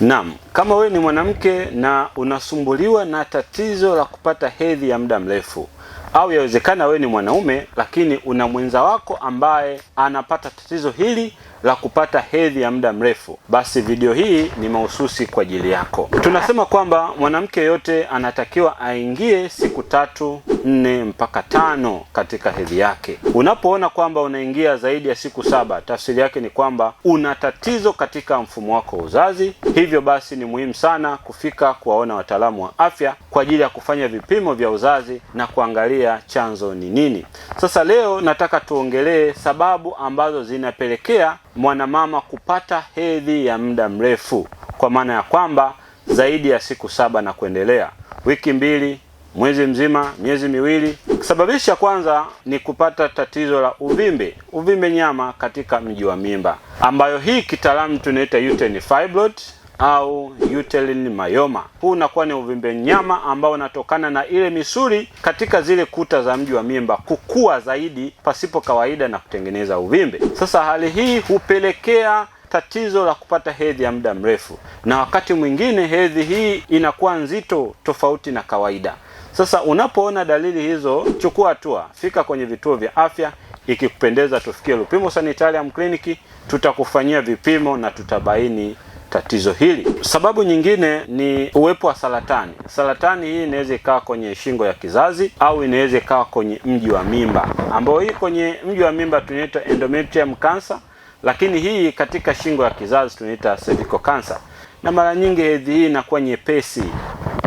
Naam, kama wewe ni mwanamke na unasumbuliwa na tatizo la kupata hedhi ya muda mrefu, au yawezekana wewe ni mwanaume lakini una mwenza wako ambaye anapata tatizo hili la kupata hedhi ya muda mrefu, basi video hii ni mahususi kwa ajili yako. Tunasema kwamba mwanamke yote anatakiwa aingie siku tatu nne mpaka tano katika hedhi yake. Unapoona kwamba unaingia zaidi ya siku saba, tafsiri yake ni kwamba una tatizo katika mfumo wako wa uzazi. Hivyo basi ni muhimu sana kufika kuwaona wataalamu wa afya kwa ajili ya kufanya vipimo vya uzazi na kuangalia chanzo ni nini. Sasa leo nataka tuongelee sababu ambazo zinapelekea mwanamama kupata hedhi ya muda mrefu, kwa maana ya kwamba zaidi ya siku saba na kuendelea, wiki mbili, mwezi mzima, miezi miwili. Sababu kwanza ni kupata tatizo la uvimbe, uvimbe nyama katika mji wa mimba, ambayo hii kitaalamu tunaita uterine fibroid au uterine mayoma. Huu unakuwa ni uvimbe nyama ambao unatokana na ile misuli katika zile kuta za mji wa mimba kukua zaidi pasipo kawaida na kutengeneza uvimbe. Sasa hali hii hupelekea tatizo la kupata hedhi ya muda mrefu, na wakati mwingine hedhi hii inakuwa nzito tofauti na kawaida. Sasa unapoona dalili hizo, chukua hatua, fika kwenye vituo vya afya. Ikikupendeza, tufikie Lupimo Sanitarium Clinic, tutakufanyia vipimo na tutabaini tatizo hili. Sababu nyingine ni uwepo wa saratani. Saratani hii inaweza ikawa kwenye shingo ya kizazi au inaweza ikawa kwenye mji wa mimba, ambayo hii kwenye mji wa mimba tunaita endometrium cancer, lakini hii katika shingo ya kizazi tunaita cervical cancer. Na mara nyingi hedhi hii inakuwa nyepesi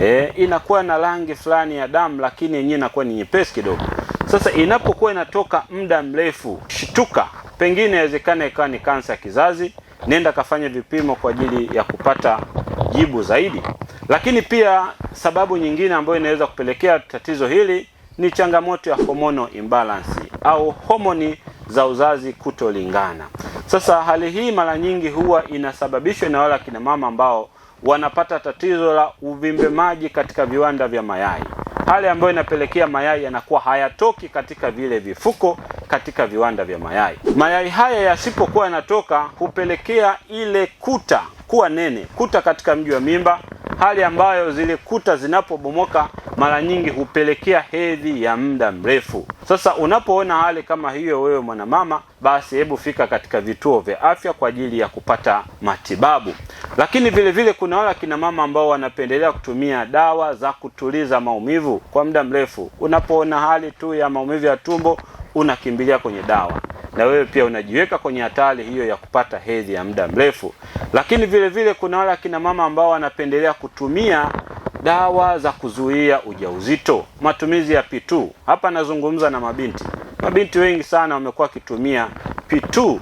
e, inakuwa na rangi fulani ya damu, lakini yenyewe inakuwa ni nyepesi kidogo. Sasa inapokuwa inatoka muda mrefu, shtuka, pengine inawezekana ikawa ni kansa ya kizazi nenda kafanye vipimo kwa ajili ya kupata jibu zaidi. Lakini pia sababu nyingine ambayo inaweza kupelekea tatizo hili ni changamoto ya hormonal imbalance au homoni za uzazi kutolingana. Sasa hali hii mara nyingi huwa inasababishwa na wale akina mama ambao wanapata tatizo la uvimbe maji katika viwanda vya mayai, hali ambayo inapelekea mayai yanakuwa hayatoki katika vile vifuko katika viwanda vya mayai. Mayai haya yasipokuwa yanatoka hupelekea ile kuta kuwa nene, kuta katika mji wa mimba, hali ambayo zile kuta zinapobomoka mara nyingi hupelekea hedhi ya muda mrefu. Sasa unapoona hali kama hiyo, wewe mwanamama, basi hebu fika katika vituo vya afya kwa ajili ya kupata matibabu. Lakini vile vile kuna wale kina mama ambao wanapendelea kutumia dawa za kutuliza maumivu kwa muda mrefu. Unapoona hali tu ya maumivu ya tumbo unakimbilia kwenye dawa, na wewe pia unajiweka kwenye hatari hiyo ya kupata hedhi ya muda mrefu. Lakini vile vile kuna wale akina mama ambao wanapendelea kutumia dawa za kuzuia ujauzito, matumizi ya P2. Hapa nazungumza na mabinti, mabinti wengi sana wamekuwa wakitumia P2.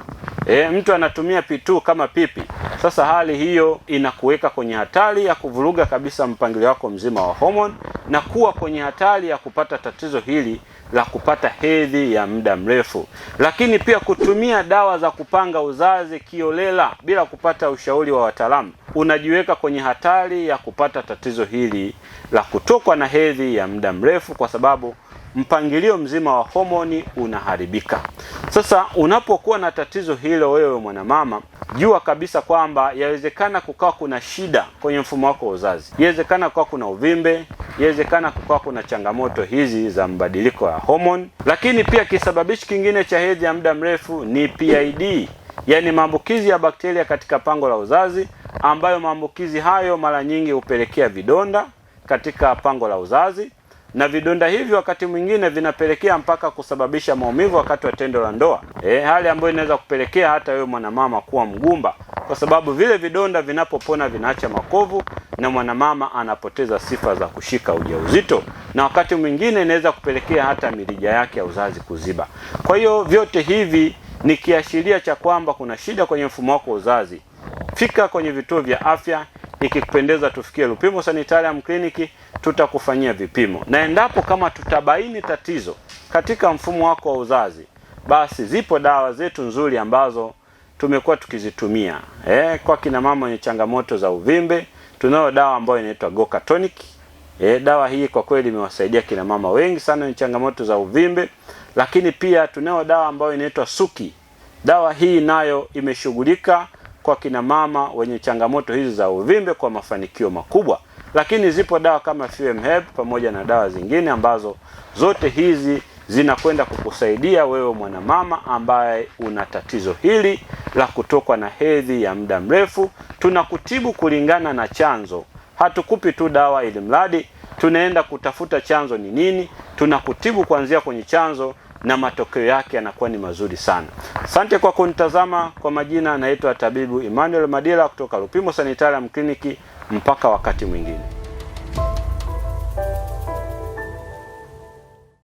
E, eh, mtu anatumia P2 kama pipi. Sasa hali hiyo inakuweka kwenye hatari ya kuvuruga kabisa mpangilio wako mzima wa homoni na kuwa kwenye hatari ya kupata tatizo hili la kupata hedhi ya muda mrefu, lakini pia kutumia dawa za kupanga uzazi kiolela bila kupata ushauri wa wataalamu, unajiweka kwenye hatari ya kupata tatizo hili la kutokwa na hedhi ya muda mrefu, kwa sababu mpangilio mzima wa homoni unaharibika. Sasa unapokuwa na tatizo hilo, wewe mwanamama, jua kabisa kwamba yawezekana kukawa kuna shida kwenye mfumo wako wa uzazi, yawezekana kukawa kuna uvimbe yawezekana kukawa kuna changamoto hizi za mbadiliko ya homoni. Lakini pia kisababishi kingine cha hedhi ya muda mrefu ni PID, yaani maambukizi ya bakteria katika pango la uzazi, ambayo maambukizi hayo mara nyingi hupelekea vidonda katika pango la uzazi, na vidonda hivyo wakati mwingine vinapelekea mpaka kusababisha maumivu wakati wa tendo la ndoa, e, hali ambayo inaweza kupelekea hata wewe mwanamama kuwa mgumba, kwa sababu vile vidonda vinapopona vinaacha makovu na mwanamama anapoteza sifa za kushika ujauzito, na wakati mwingine inaweza kupelekea hata mirija yake ya uzazi kuziba. Kwa hiyo vyote hivi ni kiashiria cha kwamba kuna shida kwenye mfumo wako wa uzazi. Fika kwenye vituo vya afya, ikikupendeza tufikie Lupimo Sanitarium Kliniki, tutakufanyia vipimo, na endapo kama tutabaini tatizo katika mfumo wako wa uzazi, basi zipo dawa zetu nzuri ambazo tumekuwa tukizitumia eh, kwa kina mama wenye changamoto za uvimbe tunayo dawa ambayo inaitwa gokatonic E, eh, dawa hii kwa kweli imewasaidia kina mama wengi sana wenye changamoto za uvimbe, lakini pia tunayo dawa ambayo inaitwa Suki. Dawa hii nayo imeshughulika kwa kina mama wenye changamoto hizi za uvimbe kwa mafanikio makubwa, lakini zipo dawa kama FEMHEB pamoja na dawa zingine ambazo zote hizi zinakwenda kukusaidia wewe mwanamama ambaye una tatizo hili la kutokwa na hedhi ya muda mrefu. Tunakutibu kulingana na chanzo, hatukupi tu dawa ili mradi. Tunaenda kutafuta chanzo ni nini, tunakutibu kuanzia kwenye chanzo na matokeo yake yanakuwa ni mazuri sana. Asante kwa kunitazama. Kwa majina, naitwa tabibu Emmanuel Madila kutoka Lupimo Sanitarium Kliniki. Mpaka wakati mwingine.